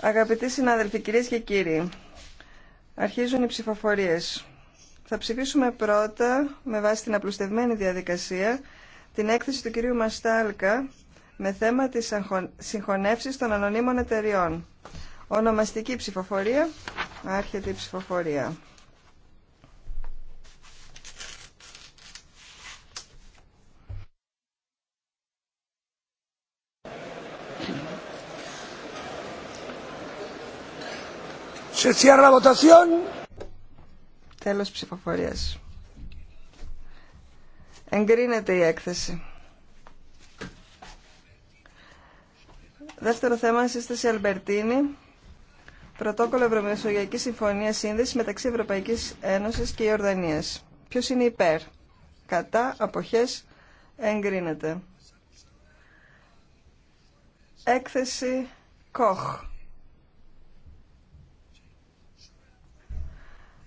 Αγαπητοί συνάδελφοι, κυρίες και κύριοι, αρχίζουν οι ψηφοφορίες. Θα ψηφίσουμε πρώτα, με βάση την απλουστευμένη διαδικασία, την έκθεση του κυρίου Μαστάλκα με θέμα της συγχωνεύσης των ανωνύμων εταιριών. Ονομαστική ψηφοφορία, άρχεται η ψηφοφορία. Se cierra Τέλος ψηφοφορίας. Εγκρίνεται η έκθεση. Δεύτερο θέμα, σύσταση Αλμπερτίνη. Πρωτόκολλο Ευρωμεσογειακή Συμφωνία Σύνδεση μεταξύ Ευρωπαϊκή Ένωση και Ιορδανία. Ποιο είναι υπέρ. Κατά αποχέ εγκρίνεται. Έκθεση Κοχ.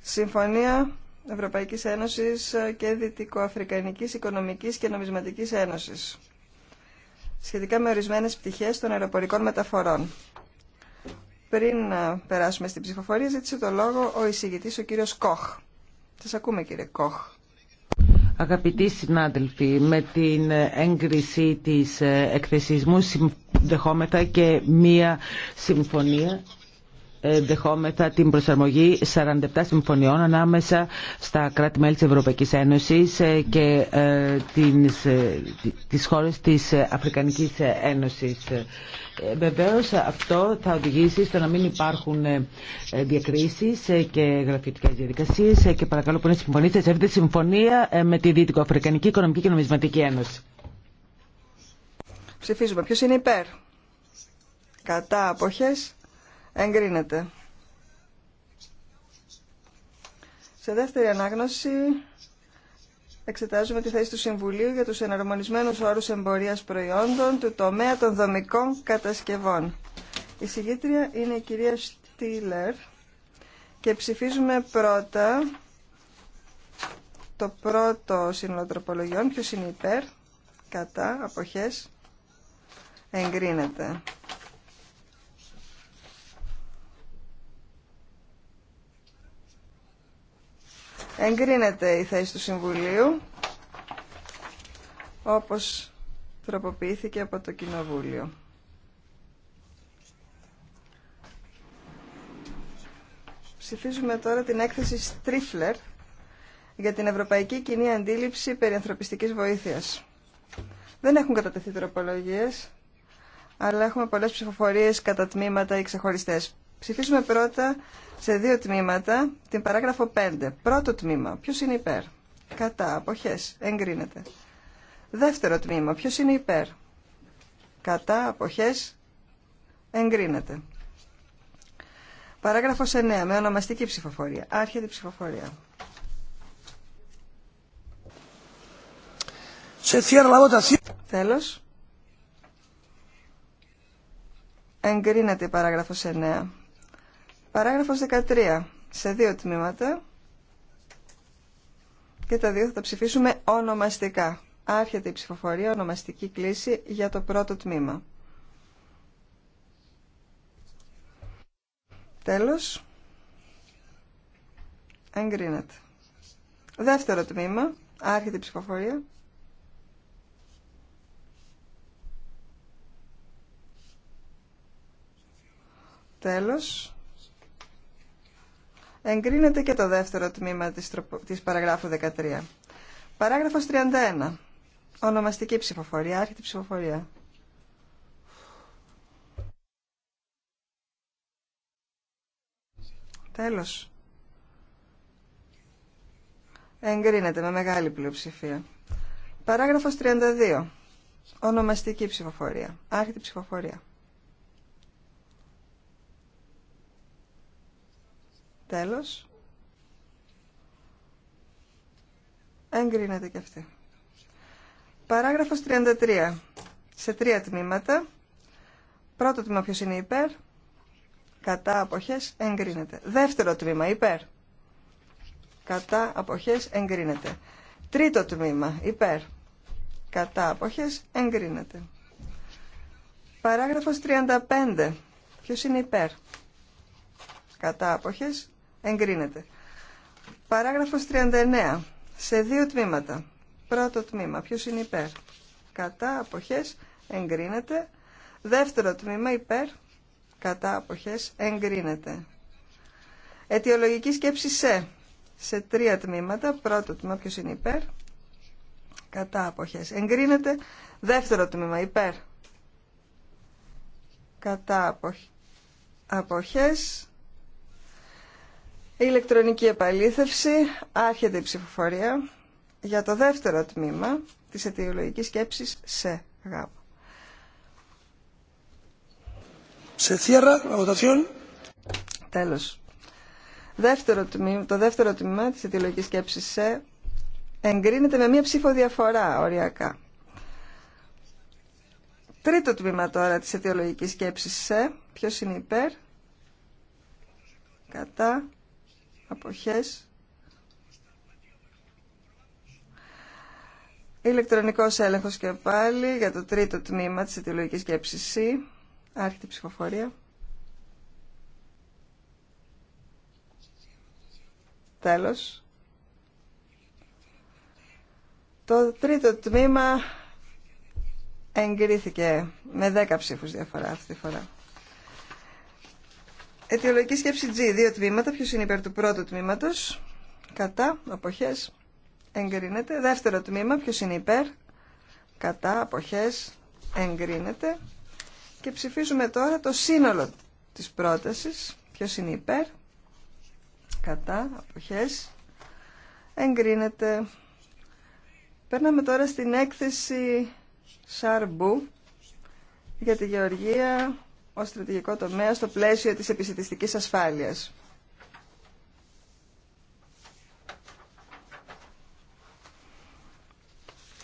Συμφωνία Ευρωπαϊκής Ένωσης και Δυτικοαφρικανικής Οικονομικής και Νομισματικής Ένωσης σχετικά με ορισμένες πτυχές των αεροπορικών μεταφορών. Πριν περάσουμε στην ψηφοφορία, ζήτησε το λόγο ο εισηγητής ο κύριος Κοχ. Σας ακούμε κύριε Κοχ. Αγαπητοί συνάδελφοι, με την έγκριση της εκθεσισμού συνδεχόμετα και μία συμφωνία δεχόμεθα την προσαρμογή 47 συμφωνιών ανάμεσα στα κράτη-μέλη της Ευρωπαϊκής Ένωσης ε, και ε, τις, ε, τις χώρες της Αφρικανικής Ένωσης. Βεβαίως αυτό θα οδηγήσει στο να μην υπάρχουν διακρίσεις και γραφειοτικές διαδικασίες και παρακαλώ που να συμφωνήσετε σε αυτή τη συμφωνία με τη Δυτικοαφρικανική Οικονομική και Νομισματική Ένωση. Ψηφίζουμε. Ποιος είναι υπέρ. Κατά αποχές Εγκρίνεται. Σε δεύτερη ανάγνωση εξετάζουμε τη θέση του Συμβουλίου για τους εναρμονισμένους όρους εμπορίας προϊόντων του τομέα των δομικών κατασκευών. Η συγγήτρια είναι η κυρία Στήλερ και ψηφίζουμε πρώτα το πρώτο σύνολο τροπολογιών, ποιος είναι υπέρ, κατά, αποχές, εγκρίνεται. Εγκρίνεται η θέση του Συμβουλίου, όπως τροποποιήθηκε από το Κοινοβούλιο. Ψηφίζουμε τώρα την έκθεση Στρίφλερ για την Ευρωπαϊκή Κοινή Αντίληψη περί ανθρωπιστικής βοήθειας. Δεν έχουν κατατεθεί τροπολογίες, αλλά έχουμε πολλές ψηφοφορίες κατά τμήματα ή ξεχωριστές. Ψηφίσουμε πρώτα σε δύο τμήματα την παράγραφο 5. Πρώτο τμήμα. Ποιο είναι υπέρ. Κατά. Αποχές. Εγκρίνεται. Δεύτερο τμήμα. ποιο είναι υπέρ. Κατά. Αποχές. Εγκρίνεται. Παράγραφο 9. Με ονομαστική ψηφοφορία. Άρχεται η ψηφοφορία. Σε Τέλος. Εγκρίνεται η Παράγραφο 9. Παράγραφος 13. Σε δύο τμήματα. Και τα δύο θα τα ψηφίσουμε ονομαστικά. Άρχεται η ψηφοφορία, ονομαστική κλίση για το πρώτο τμήμα. Τέλος. Εγκρίνεται. Δεύτερο τμήμα. Άρχεται η ψηφοφορία. Τέλος. Εγκρίνεται και το δεύτερο τμήμα της, της παραγράφου 13. Παράγραφος 31. Ονομαστική ψηφοφορία, άρχιτη ψηφοφορία. Τέλος. Εγκρίνεται με μεγάλη πλειοψηφία. Παράγραφος 32. Ονομαστική ψηφοφορία. Άρχιτη ψηφοφορία. Τέλος. Εγκρίνεται και αυτή. Παράγραφος 33. Σε τρία τμήματα. Πρώτο τμήμα ποιος είναι υπέρ. Κατά αποχές εγκρίνεται. Δεύτερο τμήμα υπέρ. Κατά αποχές εγκρίνεται. Τρίτο τμήμα υπέρ. Κατά αποχές εγκρίνεται. Παράγραφος 35. Ποιος είναι υπέρ. Κατά αποχές Εγκρίνεται. Παράγραφος 39. Σε δύο τμήματα. Πρώτο τμήμα. Ποιος είναι υπέρ. Κατά αποχές εγκρίνεται. Δεύτερο τμήμα υπέρ. Κατά αποχές εγκρίνεται. Αιτιολογική σκέψη σε. Σε τρία τμήματα. Πρώτο τμήμα ποιος είναι υπέρ. Κατά αποχές εγκρίνεται. Δεύτερο τμήμα υπέρ. Κατά αποχές ηλεκτρονική επαλήθευση, άρχεται η ψηφοφορία για το δεύτερο τμήμα της αιτιολογικής σκέψης σε γάμο. Σε θύαρα, Τέλος. Δεύτερο τμήμα, το δεύτερο τμήμα της αιτιολογικής σκέψης σε εγκρίνεται με μία ψηφοδιαφορά, διαφορά οριακά. Τρίτο τμήμα τώρα της αιτιολογικής σκέψης σε. Ποιος είναι υπέρ. Κατά αποχές. Ηλεκτρονικός έλεγχος και πάλι για το τρίτο τμήμα της αιτιολογικής σκέψης C. Άρχεται ψηφοφορία. Τέλος. Το τρίτο τμήμα εγκρίθηκε με 10 ψήφους διαφορά αυτή τη φορά. Αιτιολογική σκέψη G. Δύο τμήματα. Ποιο είναι υπέρ του πρώτου τμήματο. Κατά. Αποχέ. Εγκρίνεται. Δεύτερο τμήμα. Ποιο είναι υπέρ. Κατά. Αποχέ. Εγκρίνεται. Και ψηφίζουμε τώρα το σύνολο της πρόταση. Ποιο είναι υπέρ. Κατά. Αποχέ. Εγκρίνεται. Παίρναμε τώρα στην έκθεση Σαρμπού για τη Γεωργία ως στρατηγικό τομέα στο πλαίσιο της επιστημιστικής ασφάλειας.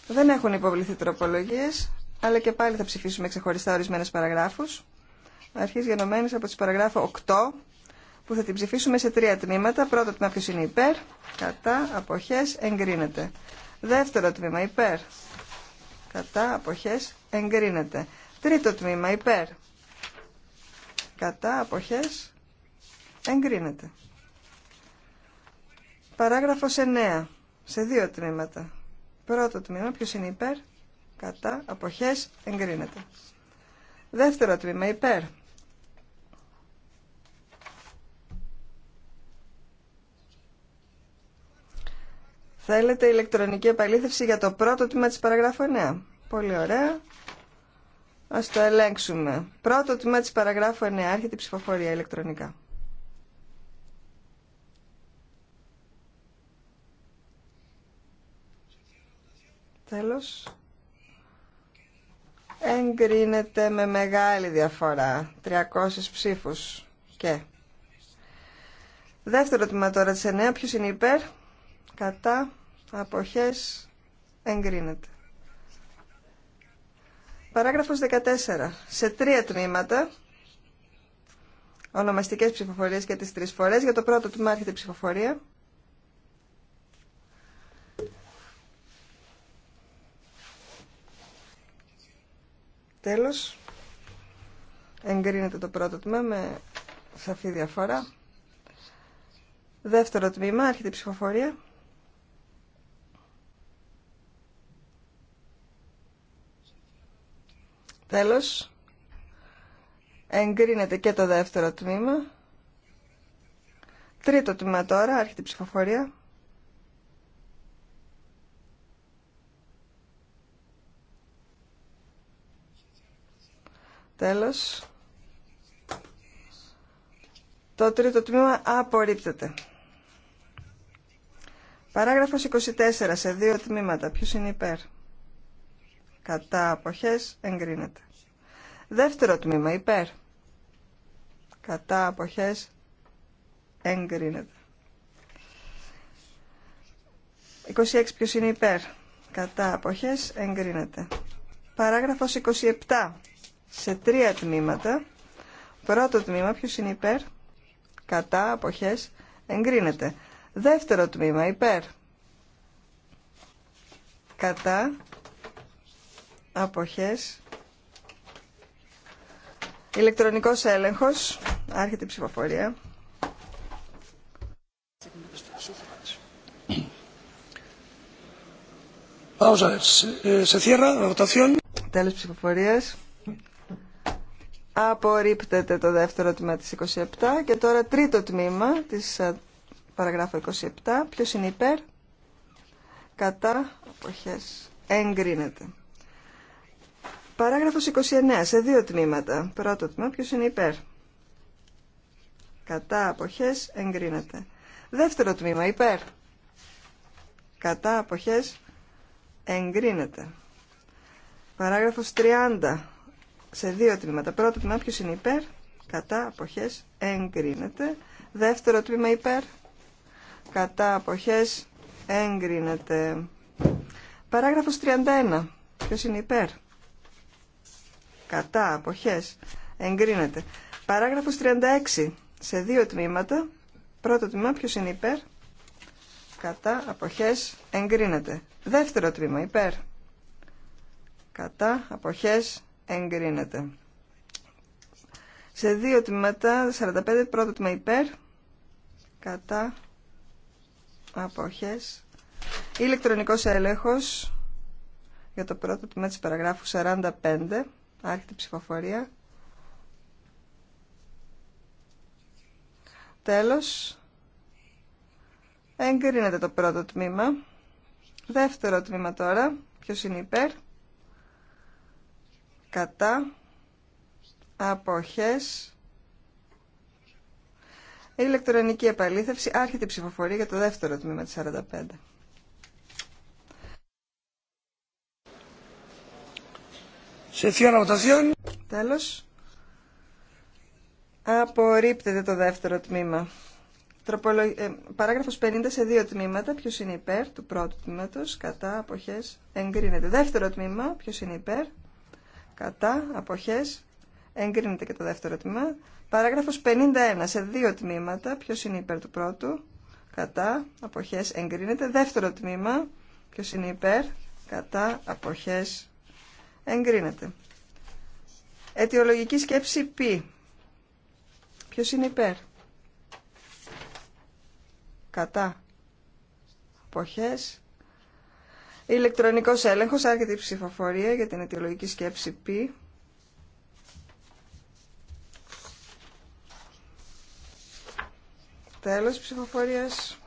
Δεν έχουν υποβληθεί τροπολογίες, αλλά και πάλι θα ψηφίσουμε ξεχωριστά ορισμένες παραγράφους. Αρχής γενομένης από τις παραγράφο 8, που θα την ψηφίσουμε σε τρία τμήματα. Πρώτο τμήμα ποιος είναι υπέρ, κατά, αποχές, εγκρίνεται. Δεύτερο τμήμα υπέρ, κατά, αποχές, εγκρίνεται. Τρίτο τμήμα υπέρ, κατά αποχές εγκρίνεται. Παράγραφος 9. Σε δύο τμήματα. Πρώτο τμήμα, ποιο είναι υπέρ, κατά, αποχές, εγκρίνεται. Δεύτερο τμήμα, υπέρ. Θέλετε ηλεκτρονική επαλήθευση για το πρώτο τμήμα της παραγράφου 9. Πολύ ωραία. Ας το ελέγξουμε. Πρώτο τμήμα τη παραγράφου 9. Άρχεται η ψηφοφορία ηλεκτρονικά. Τέλος. Εγκρίνεται με μεγάλη διαφορά. 300 ψήφους. Και. Δεύτερο τμήμα τώρα της 9. Ποιος είναι υπέρ. Κατά. Αποχές. Εγκρίνεται. Παράγραφος 14. Σε τρία τμήματα, ονομαστικές ψηφοφορίες και τις τρεις φορές. Για το πρώτο τμήμα έρχεται η ψηφοφορία. Τέλος. Εγκρίνεται το πρώτο τμήμα με σαφή διαφορά. Δεύτερο τμήμα, Άρχεται η ψηφοφορία. Τέλος, εγκρίνεται και το δεύτερο τμήμα. Τρίτο τμήμα τώρα, άρχεται η ψηφοφορία. Τέλος. Το τρίτο τμήμα απορρίπτεται. Παράγραφος 24 σε δύο τμήματα. Ποιος είναι υπέρ κατά αποχές εγκρίνεται. Δεύτερο τμήμα υπέρ κατά αποχές εγκρίνεται. 26 ποιος είναι υπέρ κατά αποχές εγκρίνεται. Παράγραφος 27 σε τρία τμήματα. Πρώτο τμήμα ποιος είναι υπέρ κατά αποχές εγκρίνεται. Δεύτερο τμήμα υπέρ κατά αποχές. Ηλεκτρονικός έλεγχος, άρχεται η ψηφοφορία. Vamos a eh, se, cierra la votación. Τέλος ψηφοφορίας. Απορρίπτεται το δεύτερο τμήμα της 27 και τώρα τρίτο τμήμα της ε, παραγράφου 27. Ποιος είναι υπέρ, κατά, αποχές, εγκρίνεται. Παράγραφος 29, σε δύο τμήματα. Πρώτο τμήμα, ποιος είναι υπέρ. Κατά αποχές εγκρίνεται. Δεύτερο τμήμα, υπέρ. Κατά αποχές εγκρίνεται. Παράγραφος 30, σε δύο τμήματα. Πρώτο τμήμα, ποιος είναι υπέρ. Κατά αποχές εγκρίνεται. Δεύτερο τμήμα, υπέρ. Κατά αποχές εγκρίνεται. Παράγραφος 31, ποιος είναι υπέρ κατά, αποχές, εγκρίνεται. Παράγραφος 36, σε δύο τμήματα, πρώτο τμήμα, ποιος είναι υπέρ, κατά, αποχές, εγκρίνεται. Δεύτερο τμήμα, υπέρ, κατά, αποχές, εγκρίνεται. Σε δύο τμήματα, 45, πρώτο τμήμα υπέρ, κατά, αποχές, ηλεκτρονικός έλεγχος για το πρώτο τμήμα της παραγράφου 45 Άρχεται ψηφοφορία. Τέλος. Εγκρίνεται το πρώτο τμήμα. Δεύτερο τμήμα τώρα. Ποιος είναι υπέρ. Κατά. Αποχές. ηλεκτρονική επαλήθευση. Άρχεται η ψηφοφορία για το δεύτερο τμήμα της 45. Σε Τέλος. Απορρίπτεται το δεύτερο τμήμα. Τροπολο... Ε, παράγραφος 50 σε δύο τμήματα. Ποιος είναι υπέρ του πρώτου τμήματος. Κατά αποχές εγκρίνεται. Δεύτερο τμήμα. Ποιος είναι υπέρ. Κατά αποχές εγκρίνεται και το δεύτερο τμήμα. Παράγραφος 51 σε δύο τμήματα. Ποιος είναι υπέρ του πρώτου. Κατά αποχές εγκρίνεται. Δεύτερο τμήμα. Ποιος είναι υπέρ. Κατά αποχές Εγκρίνεται. Αιτιολογική σκέψη π. Ποιος είναι υπέρ. Κατά. Αποχές. Ηλεκτρονικός έλεγχος. Άρχεται η ψηφοφορία για την αιτιολογική σκέψη π. Τέλος ψηφοφορίας.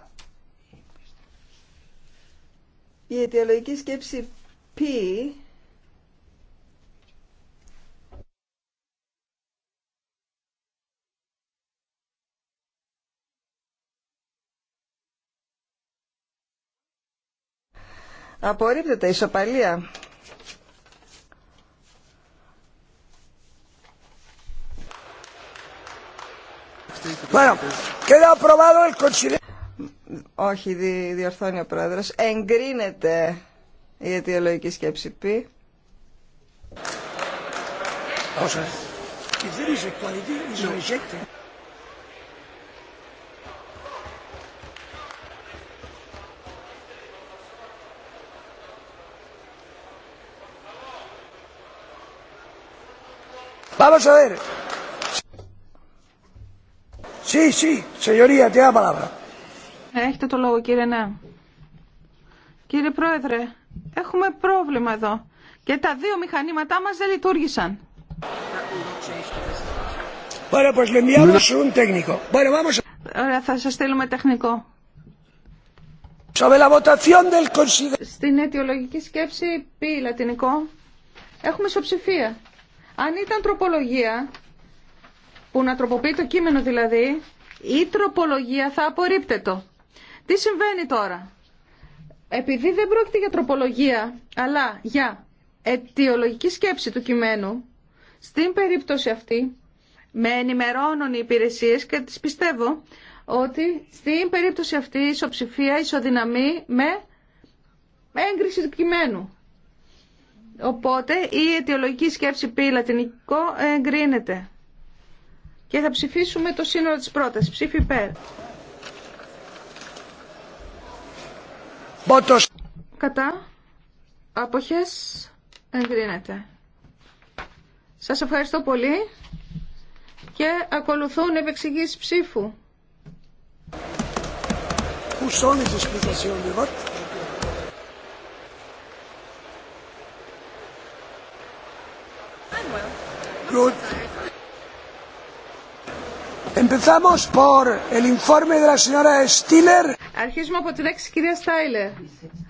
Η αιτιολογική σκέψη π Απορρίπτεται η σοπαλία. Όχι, δι, διορθώνει ο πρόεδρο. Εγκρίνεται η αιτιολογική σκέψη π. Vamos Έχετε το λόγο, κύριε Νέα, Κύριε Πρόεδρε, έχουμε πρόβλημα εδώ. Και τα δύο μηχανήματά μας δεν λειτουργήσαν. Bueno, pues le enviamos un técnico. Bueno, Ωραία, θα σας στείλουμε τεχνικό. Sobre la votación del Στην αιτιολογική σκέψη, πει λατινικό, έχουμε ισοψηφία. Αν ήταν τροπολογία, που να τροποποιεί το κείμενο δηλαδή, η τροπολογία θα το. Τι συμβαίνει τώρα. Επειδή δεν πρόκειται για τροπολογία, αλλά για αιτιολογική σκέψη του κειμένου, στην περίπτωση αυτή, με ενημερώνουν οι υπηρεσίες και τις πιστεύω ότι στην περίπτωση αυτή η ισοψηφία ισοδυναμεί με έγκριση του κειμένου. Οπότε η αιτιολογική σκέψη πει λατινικό εγκρίνεται. Και θα ψηφίσουμε το σύνολο της πρότασης. Ψήφι υπέρ. Κατά. Αποχές εγκρίνεται. Σας ευχαριστώ πολύ και ακολουθούν επεξηγήσεις ψήφου. Πού Good. Empezamos por el informe de la señora Stiller. Αρχίζουμε από τη λέξη κυρία Στάιλερ.